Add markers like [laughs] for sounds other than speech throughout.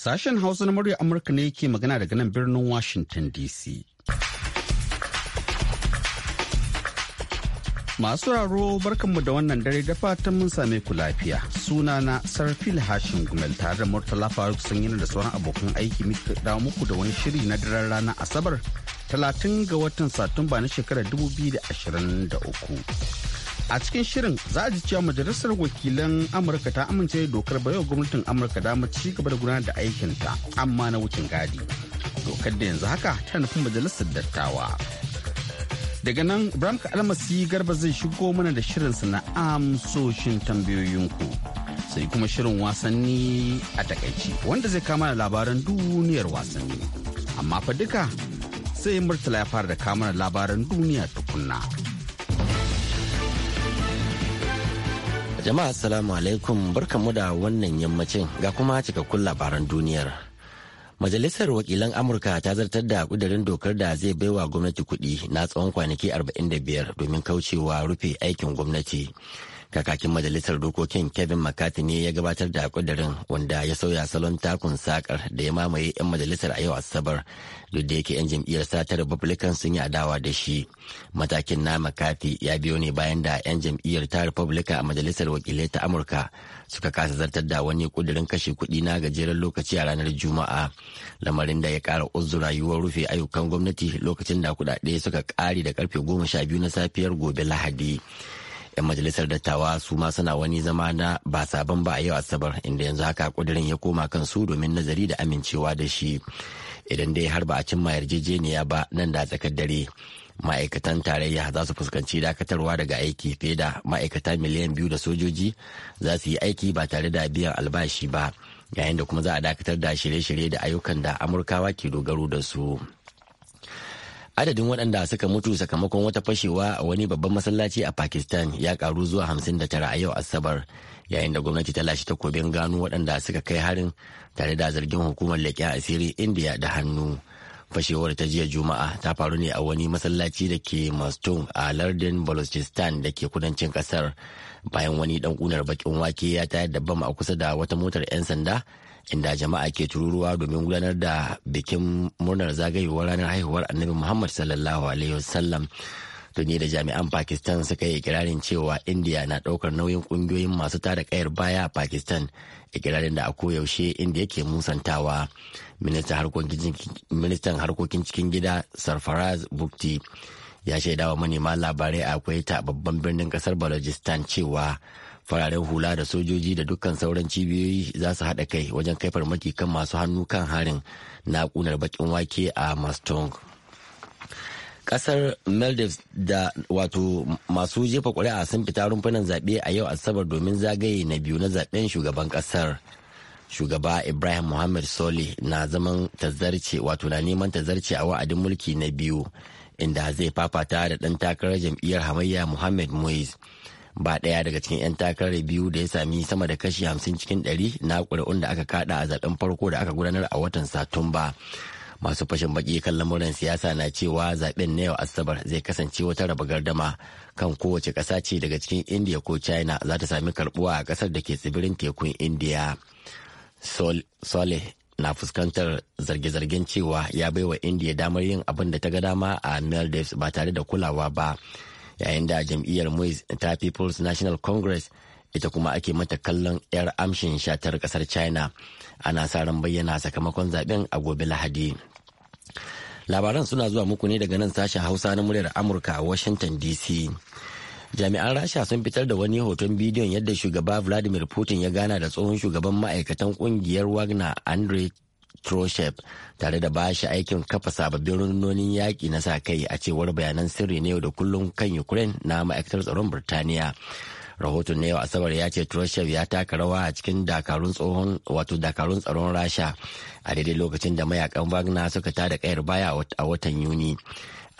Sashen Hausa na murya Amurka ne yake magana daga nan birnin Washington DC. Masu raro barkanmu da wannan dare da fatan mun same ku lafiya. Suna na Sarfil Hashin Gumel tare da Murtala Faruk yi da sauran abokan aiki muka da muku da wani shiri na daren rana Asabar 30 ga watan Satumba na shekarar 2023. a cikin shirin za a ji cewa majalisar wakilan amurka ta amince da dokar bayo gwamnatin amurka dama ci gaba da gudanar da aikinta amma na wucin gadi dokar da yanzu haka ta nufin majalisar dattawa daga nan ibrahim almasi garba zai shigo mana da shirinsa na amsoshin tambayoyinku sai kuma shirin wasanni a takaici wanda zai kama da labaran duniyar wasanni amma fa duka sai murtala ya fara da kamar labaran duniya tukunna. Jama'a assalamu alaikum barkamu da wannan yammacin ga kuma cikakkun labaran duniyar. Majalisar wakilan Amurka ta zartar da kudirin dokar da zai baiwa gwamnati kuɗi na tsawon kwanaki 45 domin kaucewa rufe aikin gwamnati. kakakin majalisar dokokin kevin mccarthy ne ya gabatar da kudirin wanda ya sauya salon takun sakar da ya mamaye 'yan majalisar a yau asabar duk da yake 'yan jam'iyyar sata republican sun yi adawa da shi matakin na mccarthy ya biyo ne bayan da 'yan jam'iyyar ta republican a majalisar wakilai ta amurka suka kasa zartar da wani kudirin kashe kuɗi na gajeren lokaci a ranar juma'a lamarin da ya kara uzu rayuwar rufe ayyukan gwamnati lokacin da kuɗaɗe suka kare da karfe goma sha biyu na safiyar gobe lahadi 'yan majalisar dattawa su ma suna wani zama na ba sabon ba a yau asabar inda yanzu haka kudirin ya koma kan su domin nazari da amincewa da shi idan dai har ba a cimma yarjejeniya ba nan da tsakar dare ma'aikatan tarayya za su fuskanci dakatarwa daga aiki fiye da ma'aikata miliyan biyu da sojoji za su yi aiki ba tare da biyan albashi ba yayin da kuma za a dakatar da shirye-shirye da ayyukan da amurkawa ke dogaro da su. adadin waɗanda suka mutu sakamakon wata fashewa a wani babban masallaci a pakistan ya karu zuwa 59 a yau asabar yayin da gwamnati ta lashe takobin gano waɗanda suka kai harin tare da zargin hukumar leƙen asiri indiya da hannu fashewar ta jiya juma'a ta faru ne a wani masallaci da ke mastung a lardin balochistan da ke kudancin kasar bayan wani ɗan kunar bakin wake ya tayar da bam a kusa da wata motar 'yan sanda inda jama'a ke tururuwa domin gudanar da bikin murnar zagayowar ranar haihuwar annabi muhammad sallallahu alaihi wasallam da jami'an pakistan suka yi ikirarin cewa india na daukar nauyin kungiyoyin masu tada kayar baya a pakistan ikirarin da a koyaushe inda yake musantawa ministan harkokin cikin gida sarfaraz bukti ya shaidawa manema labarai akwai ta babban birnin kasar balojistan cewa fararen hula da sojoji da dukkan sauran cibiyoyi za su haɗa kai wajen kai farmaki kan masu hannu kan harin na kunar bakin wake a mastong kasar maldives da wato masu jefa ƙuri'a sun fita rumfunan zaɓe a yau asabar domin zagaye na biyu na zaɓen shugaban ƙasar shugaba ibrahim muhammad soli na zaman tazarce wato na neman tazarce a wa'adin mulki na biyu inda zai fafata da ɗan takarar jam'iyyar hamayya mohammed moise ba ɗaya daga cikin 'yan takarar biyu da ya sami sama da kashi 50 cikin 100 na ƙuri'un da aka kada a zaben farko da aka gudanar a watan satumba masu fashin baki kan lamuran siyasa na cewa zaben na yau asabar zai kasance wata raba gardama kan kowace ƙasa ce daga cikin india ko china za ta sami karbuwa a ƙasar da ke tsibirin tekun india sole na fuskantar zarge-zargen cewa ya baiwa india damar yin abin da ta ga dama a maldives ba tare da kulawa ba yayin da jam'iyyar Muiz ta People's National Congress ita kuma ake mata kallon 'yar amshin shatar kasar China ana sa ran bayyana sakamakon zaben a gobe Lahadi. Labaran suna zuwa muku ne daga nan sashen Hausa na muryar Amurka a Washington DC. Jami'an Rasha sun fitar da wani hoton bidiyon yadda shugaba Vladimir Putin ya gana da tsohon shugaban ma'aikatan kungiyar Wagner Andrei Khrushchev tare da ba shi aikin kafa sababbin rundunonin yaƙi na sa kai a cewar bayanan sirri na yau da kullum kan Ukraine na ma'aikatar tsaron Birtaniya. Rahoton na yau Asabar ya ce Khrushchev ya taka rawa a cikin dakarun tsohon wato dakarun tsaron Rasha a daidai lokacin da mayakan Wagner suka tada kayar baya a watan Yuni.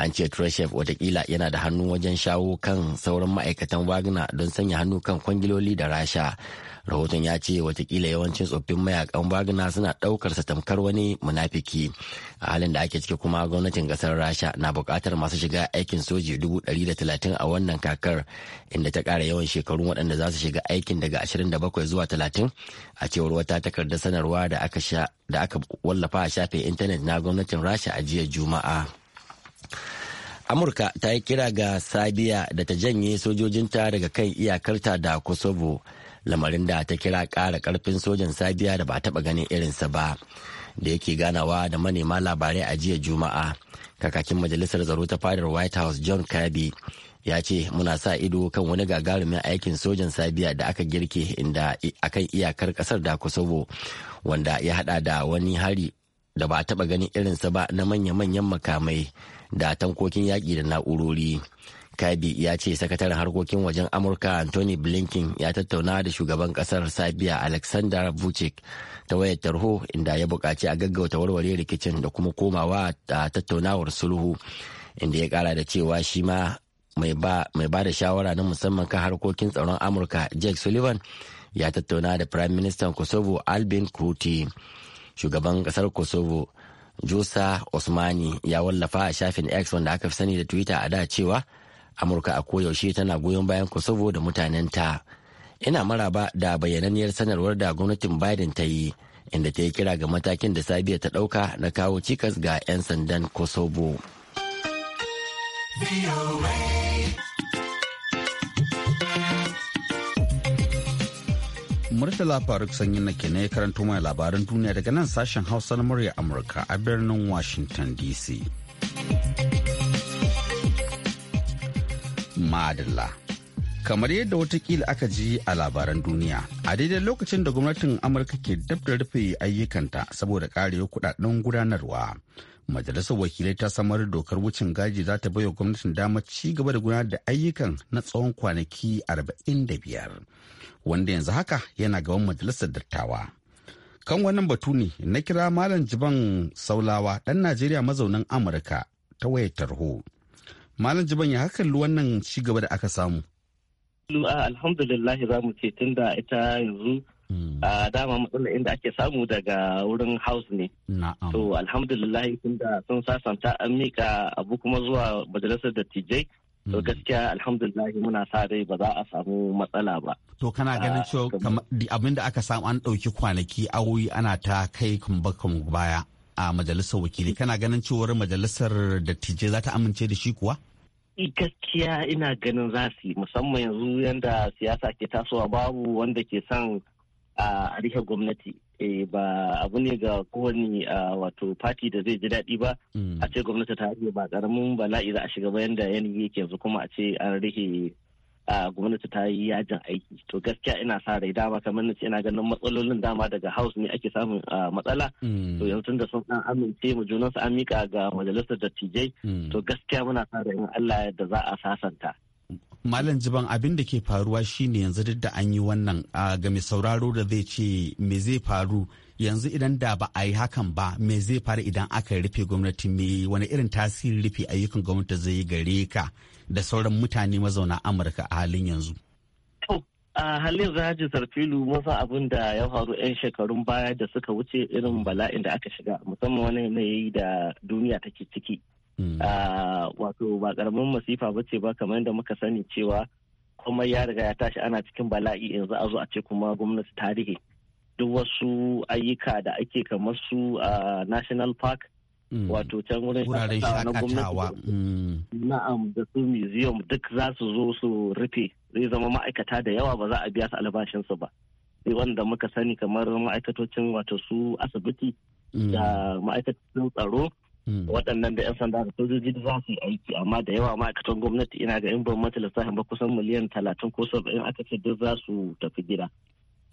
an ce Khrushchev watakila yana da hannu wajen shawo kan sauran ma'aikatan Wagner don sanya hannu kan kwangiloli da Rasha. Rahoton ya ce watakila yawancin tsoffin mayakan Wagner suna ɗaukar sa tamkar wani munafiki. A halin da ake ciki kuma gwamnatin gasar Rasha na bukatar masu shiga aikin soji dubu ɗari da talatin a wannan kakar inda ta kara yawan shekaru waɗanda za su shiga aikin daga ashirin da bakwai zuwa talatin a cewar wata takardar sanarwa da aka wallafa a shafin intanet na gwamnatin Rasha a jiya Juma'a. amurka ta yi kira ga sabiya da ta janye sojojinta daga kan iyakarta da kosovo lamarin da ta kira kara ƙarfin sojan sabiya da ba a taɓa ganin irinsa ba da yake ganawa da manema labarai a jiya juma'a kakakin majalisar zaro ta fadar white house john kirby ya ce muna sa ido kan wani gagarumin aikin sojan sabiya da aka girke inda akan iyakar kasar da kosovo wanda ya hada da wani hari da ba a taɓa ganin irinsa ba na manya-manyan makamai da tankokin yaƙi da na'urori. Kabi ya ce sakataren harkokin wajen Amurka Anthony Blinken ya tattauna da shugaban kasar Serbia Alexander Vucic ta wayar tarho inda ya buƙaci a gaggauta warware rikicin da kuma komawa a tattaunawar sulhu inda ya kara da cewa shi ma mai ba da shawara na musamman kan harkokin tsaron Amurka Jake Sullivan ya tattauna da Prime Minister Kosovo Albin Kurti. shugaban kasar kosovo josa osmani ya wallafa a shafin x wanda aka fi sani da twitter a da cewa amurka a koyaushe tana goyon bayan kosovo da mutanenta ina maraba da bayyananniyar sanarwar da gwamnatin biden ta yi inda ta yi kira ga matakin da sabiya ta ɗauka na kawo cikas ga 'yan sandan kosovo. Murtala Faruk sanyi na kenan ya karanto mai labaran duniya daga nan sashen Hausa na murya Amurka a birnin Washington DC. Madalla. Kamar yadda watakila aka ji a labaran duniya, a daidai lokacin da gwamnatin Amurka ke dab da rufe ayyukanta saboda karewa kudaden gudanarwa. Majalisar wakilai ta samar dokar wucin gaji za ta baiwa gwamnatin damar ci gaba da gudanar da ayyukan na tsawon kwanaki 45. wanda yanzu haka yana gaban majalisar dattawa. Kan wannan batu ne na kira Malam Jiban Saulawa ɗan Najeriya mazaunin Amurka ta wayar tarho. Malam Jiban ya hakan wannan ci gaba da aka samu. Alhamdulillah za mu ce tun da ita yanzu hmm. a dama matsalar inda ake samu daga wurin house ne. To alhamdulillah da sun sasanta an mika abu kuma zuwa majalisar dattijai to mm. gaskiya alhamdulillah muna sa rai ba za a samu matsala ba to kana ah, ganin cewa abin da aka samu an ɗauki kwanaki awoyi ana ta kai kuma baya a majalisar wakili kana ganin cewa majalisar dattijai za ta amince da shi kuwa gaskiya ina ganin za su yi musamman yanzu yadda siyasa ke tasowa babu wanda ke son a rike gwamnati eh, ba abu ne ga kowane wato fati da zai ji daɗi ba hmm. a ce gwamnati ta haɗe ba karamin bala'i za a shiga bayan da yanayi yake yanzu kuma a ce an rike gwamnati ta yi yajin aiki to gaskiya ina sa rai dama kamar na ce ina ganin matsalolin dama daga house ne ake samun matsala hmm. to yanzu da sun an amince mu junansu an mika ga majalisar dattijai hmm. to gaskiya muna sa rai Allah yadda za a sasanta malam jiban abin da ke faruwa shine yanzu duk da an yi wannan ga mai sauraro da zai ce me zai faru yanzu idan da ba a yi hakan ba me zai faru idan aka rufe gwamnati me wani irin tasiri rufe ayyukan gwamnati zai yi gare ka da sauran mutane mazauna amurka a halin yanzu a halin zaji sarfilu masa abin da ya faru 'yan shekarun baya da suka wuce irin bala'in da aka shiga musamman wani yanayi da duniya take ciki Mm. Ah, wato ba karamin masifa ba ce ba kamar yadda muka sani cewa kuma ya riga ya tashi ana cikin bala'i yanzu a zo a ce kuma gwamnati ta rike duk wasu ayyuka da ake kamar su a ah, national park mm. wato can wurin na gwamnati mm. na'am da su museum duk za su zo su rufe zai zama ma'aikata da yawa ba za a biya su albashinsu ba sai wanda muka sani kamar ma'aikatocin wato su asibiti da ma'aikatan tsaro Mm. waɗannan da 'yan sanda da sojoji da za su yi aiki amma da yawa ma'aikatan gwamnati ina ga in ban mata lissafin ba kusan miliyan talatin ko saba'in aka ce duk za su tafi gida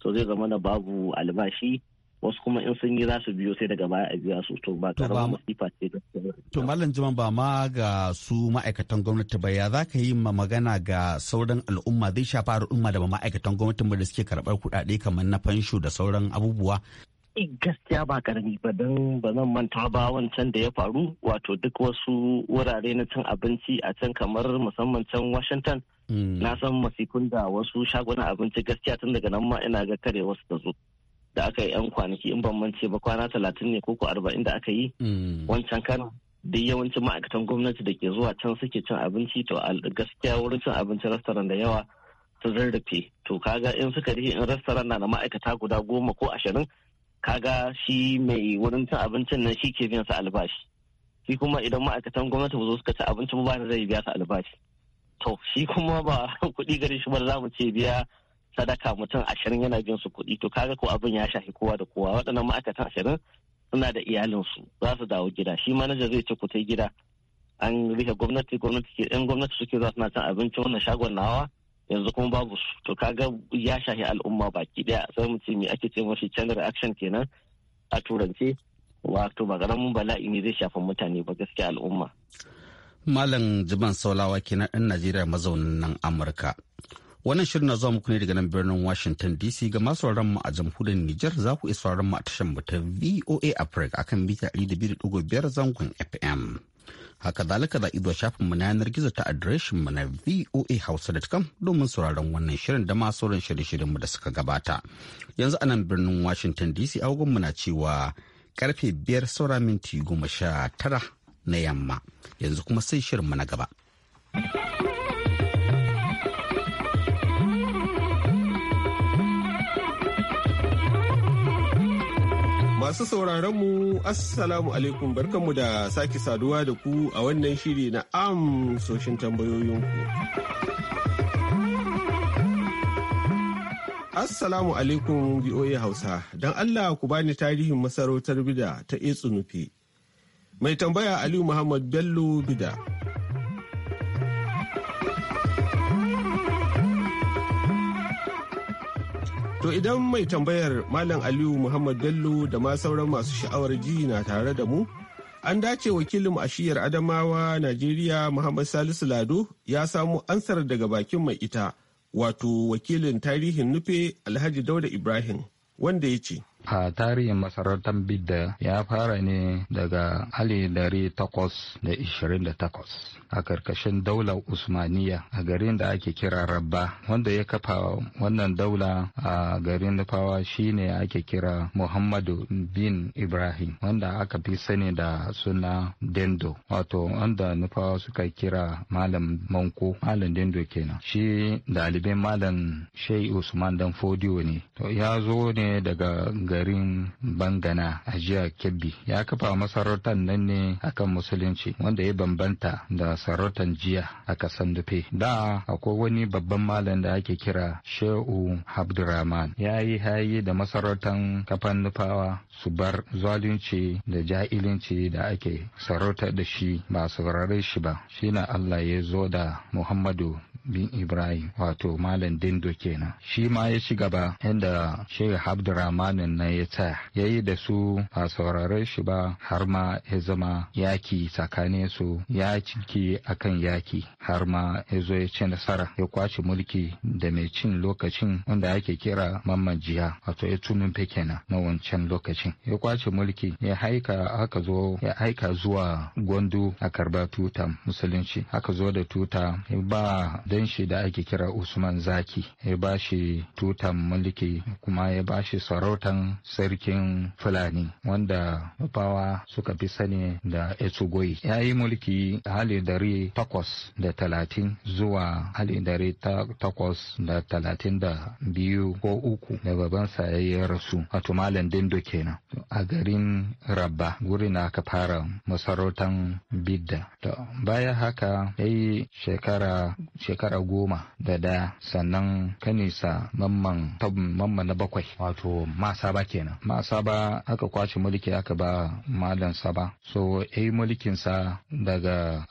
so zai zama na babu albashi wasu kuma in sun yi za su biyo sai daga baya a biya su to ba masifa ce da to mallam jiman ba ma ga su ma'aikatan gwamnati ba ya za ka yi ma magana ga sauran al'umma zai shafa al'umma da ma'aikatan gwamnati da suke karɓar kuɗaɗe kamar na fansho da sauran abubuwa Eh, gaskiya ba karami ba don ba zan manta ba wancan da ya faru wato duk wasu wurare na cin abinci a can kamar musamman can washington hmm. na san masikun da wasu shagunan abinci gaskiya tun daga nan ma ina ga kare wasu da zo da aka yi yan kwanaki in ban mance ba kwana talatin ne ko ko arba'in da aka yi hmm. wancan kano duk yawancin ma'aikatan gwamnati da ke zuwa can suke cin abinci to gaskiya wurin cin abinci rastaran da yawa sun rarrafe to kaga in suka rihe in rastaran na da ma'aikata guda goma ko ashirin kaga shi mai wurin cin abincin nan shi ke biyan sa albashi shi kuma idan ma'aikatan gwamnati ba suka ci abinci ba ne zai biya su albashi to shi kuma ba [laughs] kuɗi gari shi ba za mu ce biya sadaka mutum ashirin yana biyan su kuɗi to kaga ko abin ya shafi kowa da kowa waɗannan ma'aikatan ashirin suna da iyalinsu za su dawo gida shi manaja zai ce ku ta gida an rike gwamnati gwamnati ke ɗan gwamnati suke za suna cin abinci wannan shagon nawa yanzu kuma babu su to kaga ya shahi al'umma baki daya sai mu ce me ake ce mashi chain reaction kenan a turance wato ba karamin bala'i ne zai shafa mutane ba gaskiya al'umma malam jiban saulawa kenan ɗan najeriya mazaunin nan amurka wannan shirin na zuwa muku ne daga nan birnin washington dc ga masu mu a jamhuriyar niger za ku isa iya mu a tashar mu ta voa africa akan mita 200.5 zangon fm Haka zalika za ido shafin mu na yanar gizo ta adireshin mu na voahausa.com domin sauraron wannan shirin da masu sauran shirin mu da suka gabata. Yanzu anan birnin Washington DC agogon mu na cewa karfe biyar saura minti goma sha tara na yamma. Yanzu kuma sai shirin mu na gaba. Masu mu Assalamu alaikum barkanmu da sake saduwa da ku a wannan shiri na amsoshin tambayoyinku. Assalamu alaikum VOA Hausa, don Allah ku bani tarihin masarautar bida ta Etsunufe. Mai tambaya Aliyu Muhammad Bello Bida. To idan mai tambayar Malam Aliyu Muhammad Bello da ma sauran masu sha'awar ji na tare da mu, an dace wakilin ashiyar Adamawa Najeriya Muhammad Salisu Lado ya samu ansar daga bakin mai ita, wato wakilin tarihin nufe Alhaji Dauda Ibrahim, wanda ya ce. a tarihin masarautar bidda ya fara ne daga ali dari takwas da ishirin da takwas a karkashin daular usmaniya a garin da ake kira rabba wanda ya kafa wannan daula a garin nufawa shine ake kira muhammadu bin ibrahim wanda aka fi sani da suna dendo wato wanda nufawa suka kira malam manko malam dendo kenan shi ɗaliban malam shai usman dan fodiyo ne to ya zo ne daga garin Bangana a jiya Kebbi ya kafa masarautar nan ne akan musulunci wanda ya bambanta da sarautar jiya a kasan dufe. Da akwai wani babban malam da ake kira Shehu Abdurrahman ya yi haye da masarautar kafan nufawa su bar zalunci da ja'ilinci da ake sarautar da shi ba saurare shi ba. Shi na Allah ya zo da Muhammadu bin Ibrahim wato malam Dindo kenan. Shi ma ya ci gaba inda Shehu habdulrahman na nan ya tsaya ya yi da su a saurare shi ba har ma ya zama yaki tsakanin su ya ciki akan yaki har ma ya zo ya ci nasara ya kwace mulki da mai cin lokacin wanda ake kira mamman jiya wato ya tunun kenan na wancan lokacin ya kwace mulki ya haika aka zo ya aika zuwa gwandu a karba tuta musulunci aka zo da tuta ya ba dan shi da ake kira usman zaki ya ba shi tutan mulki kuma ya ba shi sarautan sarkin Fulani wanda mafawa suka fi sani da Etsugoyi. Ya yi mulki hali dare takwas da talatin zuwa hali dare takwas da talatin da biyu ko uku da babansa ya rasu a tumalan dindo kenan a garin rabba guri na aka fara masarautan bidda bayan haka ya yi shekara goma da da sannan kanisa mamman na bakwai wato masa saba kenan ma saba aka kwace mulki aka ba malam saba so a yi mulkinsa daga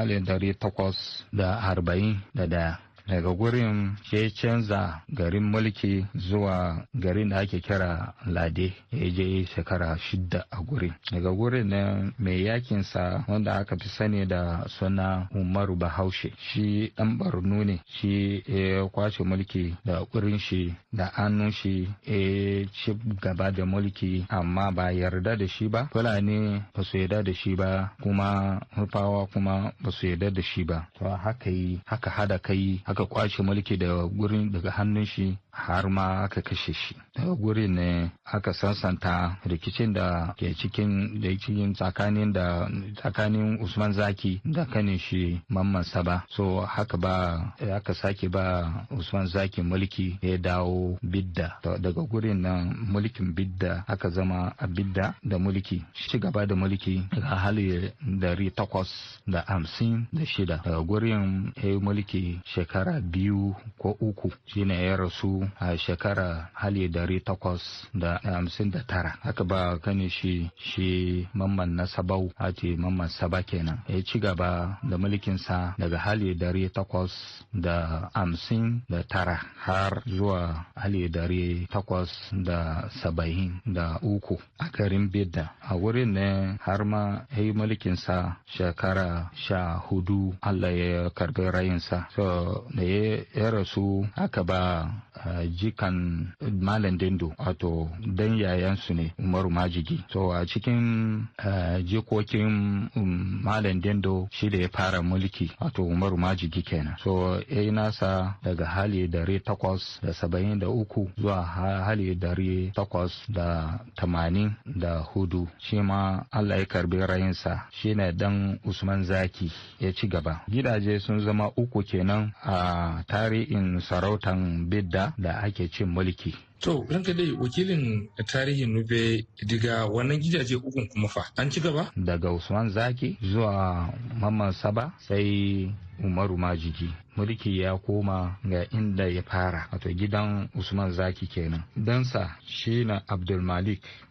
alif dari takwas da arba'in da daya daga gurin ya canza garin mulki zuwa garin da ake kira lade ya je shekara shidda a gurin daga gurin na mai yakinsa wanda aka fi sani da suna umaru bahaushe shi dan barno ne shi ya kwace mulki da gurin shi da hannun shi ya ci gaba da mulki amma ba yarda da shi ba fulani ba su yarda da shi ba kuma rufawa kuma ba su yarda da shi ba to haka yi haka hada kai haka aka kwace mulki daga gurin daga hannun shi har ma aka kashe shi daga guri ne aka sansanta rikicin da ke cikin da cikin tsakanin da tsakanin usman zaki da kanin shi mamman saba so haka ba aka sake ba usman zaki mulki ya dawo bidda daga gurin nan mulkin bidda aka zama a bidda da mulki shi gaba da mulki ga hali dari takwas da hamsin da shida daga gurin ya mulki shekara biyu ko uku shine ya rasu a shekara hali dari takwas da hamsin da tara aka ba kani shi shi mamman na sabau ce mamman saba kenan ya ci gaba da mulkinsa daga hali dari takwas da hamsin da tara har zuwa hali dari takwas da saba'in da uku a garin bidda a wurin ne har ma ya yi mulkinsa shekara sha hudu allah ya karbi rayinsa so da ya rasu aka ba Ah, jikan malam dindo wato dan yayansu ne umaru majigi so a cikin ah, jikokin um, malam dindo shi da ya fara mulki wato umaru majigi kenan so ya yi nasa daga hali dari takwas da saba'in da uku zuwa hali dari takwas da tamanin da hudu shi ma allah ya karbi rayinsa shi ne dan usman zaki ya ci gaba gidaje sun zama uku kenan a tarihin sarautan bidda da ake cin mulki To, ranka dai wakilin tarihin Nube diga wannan gidaje ukun kuma fa an ci gaba? Daga Usman Zaki zuwa Mamman Saba sai Umaru Majigi. Mulki ya koma ga inda ya fara, wato gidan Usman Zaki kenan. Dansa shi na Abdul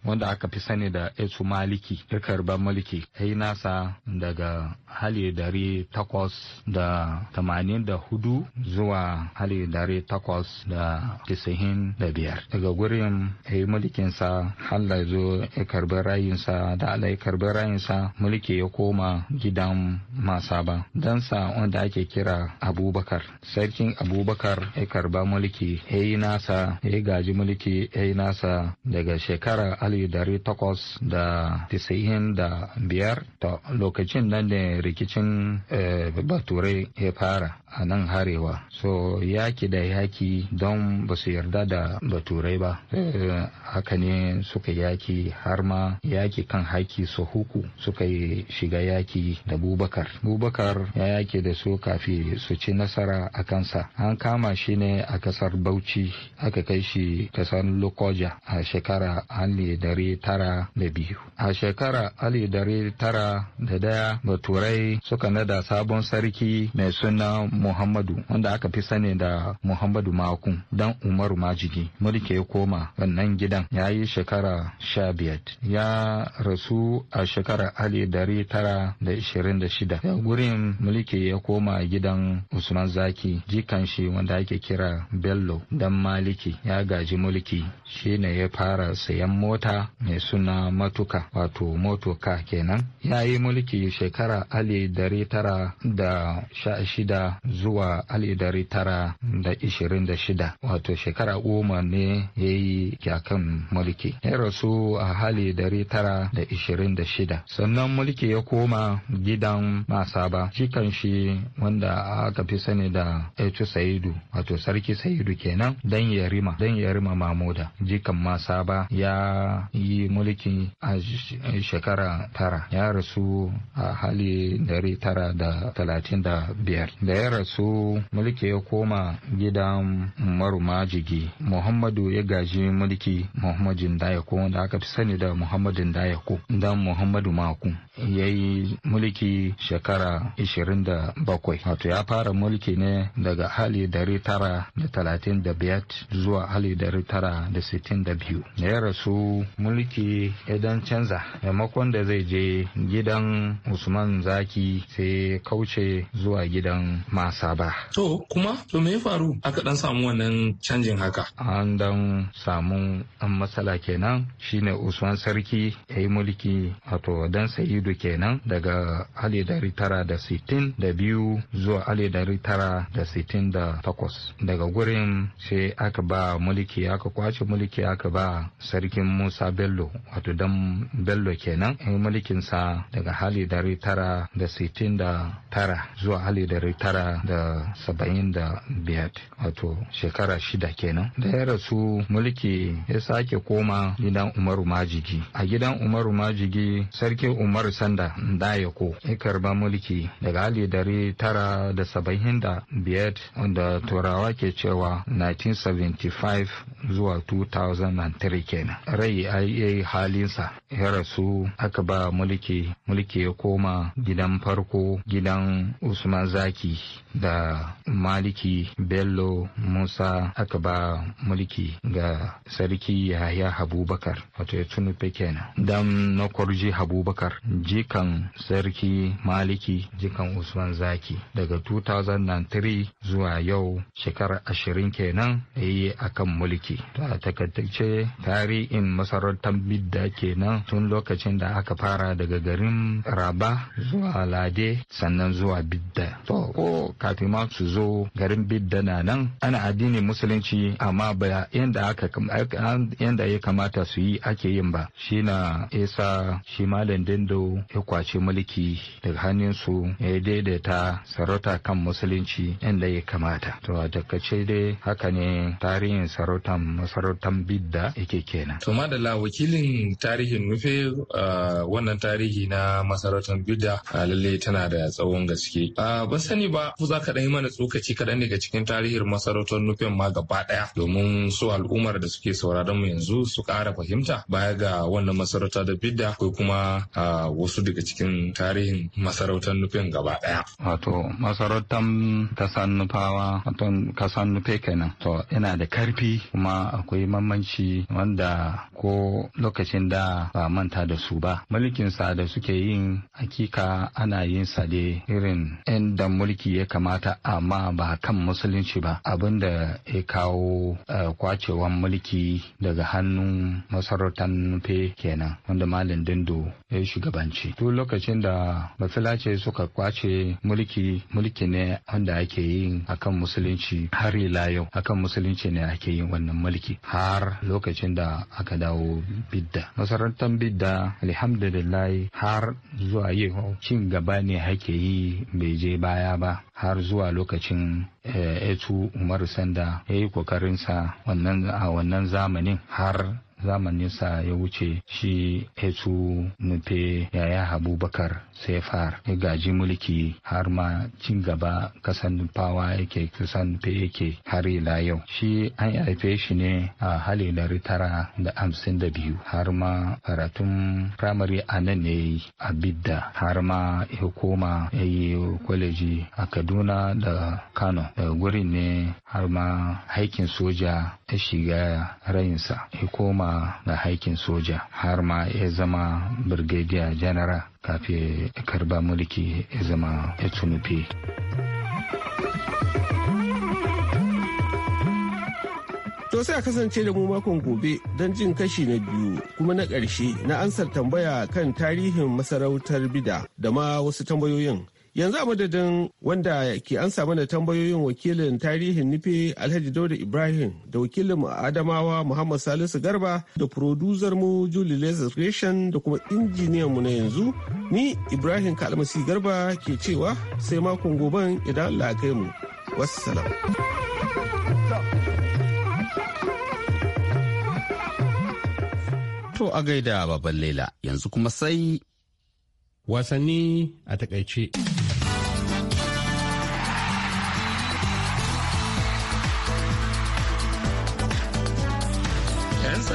wanda aka fi sani da Esu Maliki, ya mulki. Sai nasa daga hali dare takwas da tamanin da hudu zuwa hali dare takwas da tisa'in da biyar. daga gurin ya yi mulkinsa Allah zo ya karbi rayinsa da Allah ya karbi rayinsa mulki ya koma gidan masaba sa wanda ake kira abubakar sarkin abubakar ya karba mulki ya yi nasa ya gaji mulki ya yi nasa daga shekara aliyu dari takwas da tisa'in da biyar lokacin nan da rikicin eh, baturai ya fara a nan harewa so yaki da yaki don ba su yarda da baturai ba eh, haka ne suka yaki har ma yaki kan haki su huku suka yi shiga yaki da bubakar bubakar ya yaki da su kafi su ci nasara a kansa an kama shi ne a kasar bauchi aka kai shi kasar lokoja a shekara hali tara da biyu a shekara hali tara da daya baturai suka nada sabon sarki mai suna Muhammadu wanda aka fi sani da Muhammadu Makun dan Umaru Majigi mulki ya koma wannan gidan ya yi shekara sha biyar ya rasu a shekara ali dari tara da ishirin da shida gurin mulki ya koma gidan Usman Zaki jikan shi wanda ake kira Bello dan Maliki ya gaji mulki shi ne ya fara sayan mota mai suna matuka wato motoka kenan ya yi mulki shekara ali dari tara da sha shida zuwa alidari tara da ishirin da shida wato shekara goma ne ya yi yakan mulki ya rasu a hali dari tara da ishirin da shida sannan mulki ya koma gidan masaba shi kan shi wanda aka fi sani da etu saidu wato sarki saidu kenan dan yarima dan yarima mamuda jikan masaba ya yi mulki a shekara tara ya rasu a hali dari tara da talatin da biyar rasu mulki ya koma gidan marumajigi muhammadu ya gaji mulki muhammadin dayako wanda aka fi sani da muhammadin dayako dan muhammadu maku ya yi mulki shekara 27 wato ya fara mulki ne daga hali biyat zuwa hali biyu. da ya rasu mulki idan canza maimakon da zai je gidan usman zaki sai kauce zuwa gidan ma na ba To kuma to me ya faru aka dan samu wannan canjin haka? An dan samu an matsala kenan shine Usman Sarki ya yi mulki wato dan Sayidu kenan daga ali dari tara da sittin da biyu zuwa ali dari tara da sittin da takwas. Daga gurin sai aka ba mulki aka kwace mulki aka ba sarkin Musa Bello wato dan Bello kenan ya yi mulkinsa daga hali dari tara da sittin da tara zuwa hali dari tara da saba'in da biyar wato shekara shida kenan da ya rasu mulki ya sake koma gidan umaru majigi a gidan umaru majigi sarki umaru sanda dayako ya karba mulki daga hali dari tara da saba'in da biyar wanda turawa ke cewa 1975 zuwa 2003 kenan rai a yi halinsa ya rasu aka ba mulki mulki ya koma gidan farko gidan usman zaki da maliki bello musa aka ba mulki ga sarki yahya habubakar wato ya tunufe kenan dan na kwarji habubakar jikan sarki maliki jikan usman zaki daga 2003 zuwa yau shekarar ashirin kenan da yi akan mulki ta takaitacce tarihin masarautar bidda kenan tun lokacin da aka fara daga garin raba zuwa lade sannan zuwa bidda kafin su zo garin bidda na nan ana addinin musulunci amma ba yanda aka yanda ya kamata su yi ake yin ba shi na isa shi malam dindo ya kwace mulki daga hannun su ya daidaita sarauta kan musulunci yanda ya kamata to a takace dai haka ne tarihin sarautan masarautan bidda yake kenan to madalla wakilin tarihin nufe wannan tarihi na masarautar bidda lalle tana da tsawon gaske ba sani ba za ka ɗan mana tsokaci kaɗan daga cikin tarihin masarautar nufin ma gaba ɗaya domin su al'ummar da suke sauraron mu yanzu su ƙara fahimta baya ga wannan masarauta da bidda ko kuma wasu daga cikin tarihin masarautar nufin gaba ɗaya. Wato masarautar ta nufawa wato ka nufe kenan. To Ina da karfi kuma akwai mamanci wanda ko lokacin da ba manta da su ba mulkinsa da suke yin hakika ana yin sa da irin inda mulki ya kamata amma ba kan musulunci ba abin da ya kawo eh, kwacewan mulki daga hannun masarautar nufe kenan wanda malam dindo ya shugabanci tun lokacin da masulace suka kwace mulki mulki ne wanda ake yin akan musulunci har ila yau akan musulunci ne ake yin wannan mulki har lokacin da aka da dawo bidda masarautar bidda alhamdulillah har zuwa yau cin gaba ne hake yi bai je baya ba har zuwa lokacin eh, etu umar sanda ya yi kokarinsa a wannan zamanin har zamaninsa ya wuce shi etu nufe yaya abubakar Sai ya gaji mulki har ma cin gaba kasan fawa yake kasan fe yake har ila yau shi an haife shi ne a hali dari tara da hamsin da biyu har ma karatun firamare a nan ne a bidda har ma ya koma ya yi kwaleji a kaduna da kano da gurin ne har ma haikin soja ya shiga rayinsa ya koma da haikin soja har ma ya zama Birgediya general kafin karba mulki ya zama ya tunufi. To sai a kasance da mu makon gobe don jin kashi na biyu kuma na ƙarshe na ansar tambaya kan tarihin masarautar bida da ma wasu tambayoyin yanzu a madadin wanda ke an samu da tambayoyin wakilin tarihin nufi alhaji dauda ibrahim da wakilin adamawa muhammad salisu garba da producer mu julie lazar da kuma injiniyan mu na yanzu ni ibrahim kalmasi garba ke cewa sai makon goben idan kai mu wassalam to a gaida babban laila yanzu kuma sai wasanni a takaice.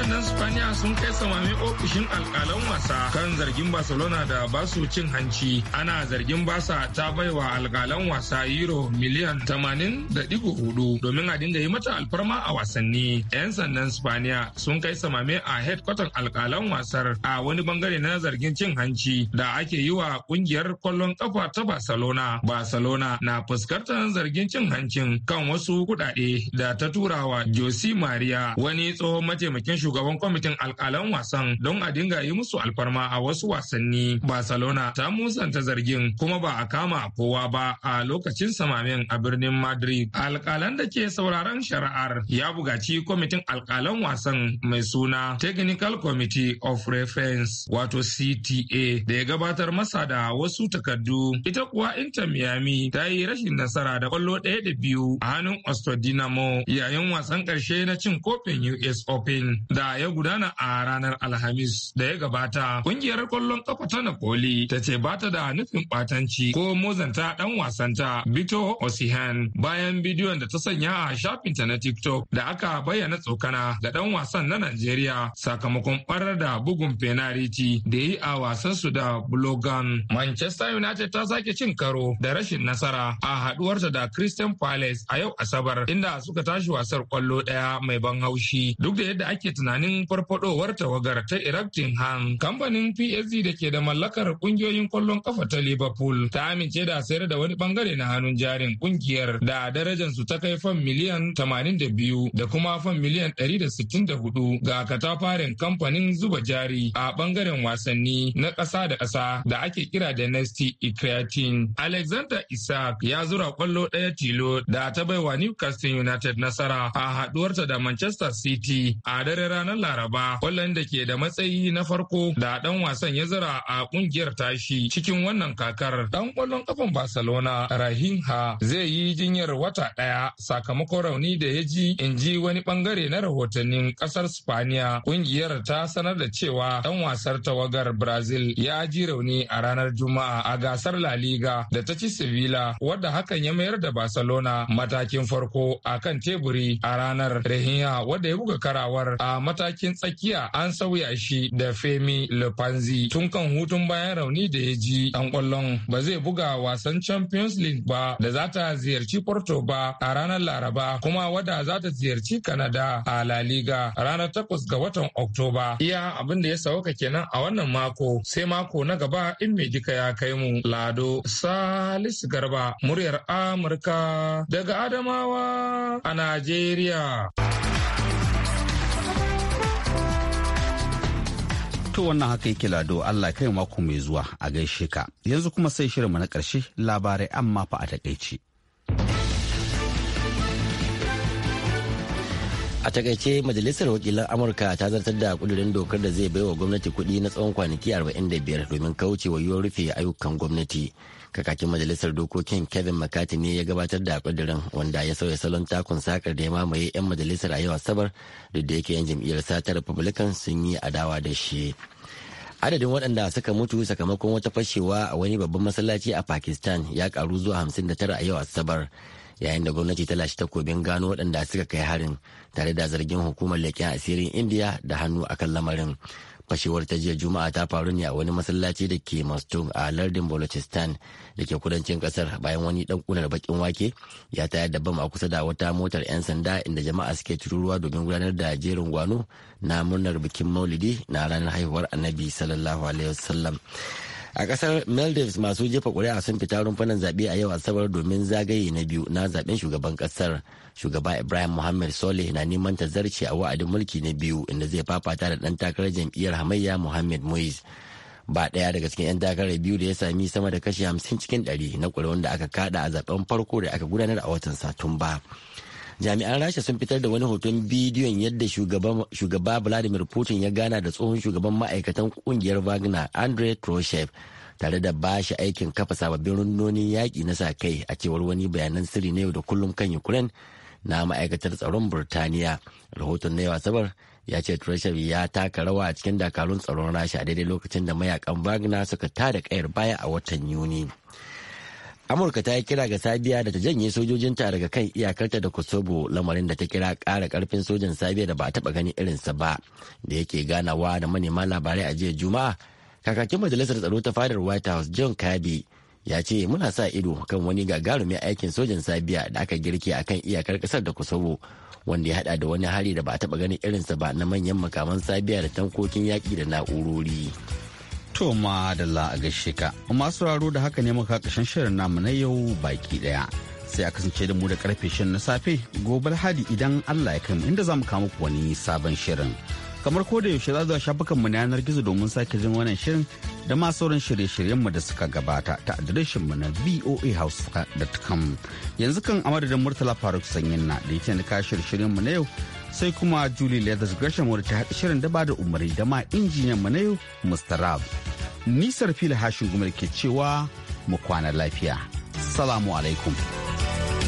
sandan spaniya sun kai samami ofishin alkalan wasa kan zargin barcelona da ba su cin hanci ana zargin basa ta baiwa alkalan wasa euro miliyan tamanin da hudu, domin a dinga yi mata alfarma a wasanni 'yan sandan spaniya sun kai samame a headkwatan alkalan wasar a wani bangare na zargin cin hanci da ake yi wa ƙungiyar kwallon ƙafa ta barcelona barcelona na fuskantar zargin cin hancin kan wasu kuɗaɗe da ta turawa jose maria wani tsohon mataimakin shugaban shugaban kwamitin alkalan wasan don a dinga yi musu alfarma a wasu wasanni. Barcelona ta musanta zargin kuma ba a kama kowa ba a lokacin samamin a birnin Madrid. Alkalan da ke sauraron shari'ar ya bugaci kwamitin alkalan wasan mai suna Technical Committee of Reference wato CTA da ya gabatar masa da wasu takardu. Ita kuwa Inter Miami ta yi rashin nasara da kwallo ɗaya da biyu a hannun Ostodinamo yayin wasan ƙarshe na cin kofin US Open. Da da ya gudana a ranar Alhamis da ya gabata. Kungiyar kwallon kafa ta Napoli ta ce ba ta da nufin batanci ko mozanta ɗan wasanta Bito Osihan bayan bidiyon da ta sanya a shafinta na TikTok da aka bayyana tsokana ga ɗan wasan na Najeriya sakamakon ɓarar da bugun fenariti da yi a wasan su da Blogan. Manchester United ta sake cin karo da rashin nasara a haɗuwarta da Christian Palace a yau Asabar inda suka tashi wasar kwallo ɗaya mai ban haushi duk da yadda ake tunanin tunanin farfadowar tawagar ta Erecting Hand. Kamfanin PSG da ke da mallakar kungiyoyin kwallon kafa ta Liverpool ta amince da sayar da wani bangare na hannun jarin kungiyar da darajar su ta kai fan miliyan 82 da kuma fan miliyan 164 ga katafaren kamfanin zuba jari a bangaren wasanni na ƙasa da ƙasa da ake kira da Nesti Ikreatin. Alexander Isaac ya zura kwallo ɗaya tilo da ta baiwa Newcastle United nasara a haduwarta da Manchester City a daren ranar Laraba, kwallon da ke da matsayi na farko da dan wasan ya zira a kungiyar tashi cikin wannan kakar. Dan kwallon kafan Barcelona Rahinha zai yi jinyar wata ɗaya sakamakon rauni da ya ji in ji wani bangare na rahotannin ƙasar Spaniya. Kungiyar ta sanar da cewa dan wasar tawagar Brazil ya ji rauni a ranar Juma'a a gasar La Liga da ta ci Sevilla wadda hakan ya mayar da Barcelona matakin farko a kan teburi a ranar Rahinha wadda ya buga karawar a matakin tsakiya an sauya shi da Femi lepanzi tun kan hutun bayan rauni da ya ji an kwallon ba zai buga wasan Champions League ba da za ta ziyarci Porto ba a ranar Laraba kuma wada za ta ziyarci Canada a La Liga ranar takwas ga watan Oktoba. Iya abin da ya sauka kenan a wannan mako sai mako na gaba in mai dika ya kai mu Lado salis Garba muryar Amurka daga Adamawa a Najeriya. To wannan haka yake lado Allah kai mako mai zuwa a gaishe ka. Yanzu kuma sai shirinmu na ƙarshe labarai amma fa a takaici. a takaice majalisar wakilan amurka ta zartar da kudurin dokar da zai baiwa gwamnati kuɗi na tsawon kwanaki 45 domin kauce wa yiwuwar rufe ayyukan gwamnati kakakin majalisar dokokin kevin mccarthy ne ya gabatar da kudirin wanda ya sauya salon takun sakar da ya mamaye 'yan majalisar a yau asabar duk da yake 'yan jam'iyyar sata republican sun yi adawa da shi adadin waɗanda suka mutu sakamakon wata fashewa a wani babban masallaci a pakistan ya karu zuwa 59 a yau asabar yayin da gwamnati ta lashe takobin gano waɗanda suka kai harin tare da zargin hukumar leƙen asirin indiya da hannu a kan lamarin fashewar ta jiya juma'a ta faru ne a wani masallaci da ke mastung a lardin balochistan da ke kudancin kasar bayan wani dan kunar bakin wake ya tayar da bam a kusa da wata motar 'yan sanda inda jama'a suke tururuwa domin gudanar da jerin gwano na murnar bikin maulidi na ranar haihuwar annabi sallallahu alaihi wasallam a kasar maldives masu jefa kuri'a sun fita rumfunan zaɓe a yau asabar domin zagaye na biyu na zaɓen shugaban kasar shugaba ibrahim muhammad soleh na neman ta zarce a wa'adin mulki na biyu inda zai fafata da ɗan takarar jam'iyyar hamayya muhammad moise ba ɗaya daga cikin 'yan takarar biyu da ya sami sama da kashi hamsin cikin ɗari na kuri'un da aka kada a zaben farko da aka gudanar a watan satumba jami'an rasha sun fitar da wani hoton bidiyon yadda shugaba vladimir putin ya gana da tsohon shugaban ma'aikatan kungiyar wagner andre troshev tare da ba shi aikin kafa sababbin rundunonin yaƙi na sa kai a cewar wani bayanan sirri na yau da kullum kan ukraine na ma'aikatar tsaron burtaniya rahoton na yau asabar ya ce troshev ya taka rawa a cikin dakarun tsaron rasha daidai lokacin da mayakan wagner suka tada kayar baya a watan yuni. amurka ta yi kira ga sabiya da ta janye sojojinta daga kan iyakarta da kosovo lamarin da ta kira kara karfin sojan sabiya da ba taba taɓa irin irinsa ba da yake ganawa da manema labarai a jiya juma'a kakakin majalisar tsaro ta fadar white house john kirby ya ce muna sa ido kan wani gagarumin aikin sojan sabiya da aka girke a kan iyakar kasar da kosovo wanda ya hada da wani hari da ba a taɓa ganin irinsa ba na manyan makaman sabiya da tankokin yaƙi da na'urori. To ma da la a gaishe ka. Masu sauraro da haka ne muka kashin shirin namu na yau baki daya. Sai a kasance da mu da karfe shin na safe gobe hadi idan Allah ya kai mu inda zamu kawo wani sabon shirin. Kamar ko da yaushe za zuwa shafukan mu na yanar gizo domin sake jin wannan shirin da ma sauran shirye-shiryen mu da suka gabata ta adireshin mu na voahouse.com. Yanzu kan a Murtala Faruk Sanyin na da yake na shirye-shiryen mu na yau sai kuma Julie Leathers Gresham wadda ta haɗa shirin da ba da umarni da ma injiniyan mu na yau Mr. Rab. Nisar fili hashin gumar ke cewa mu kwana lafiya. Salamu alaikum.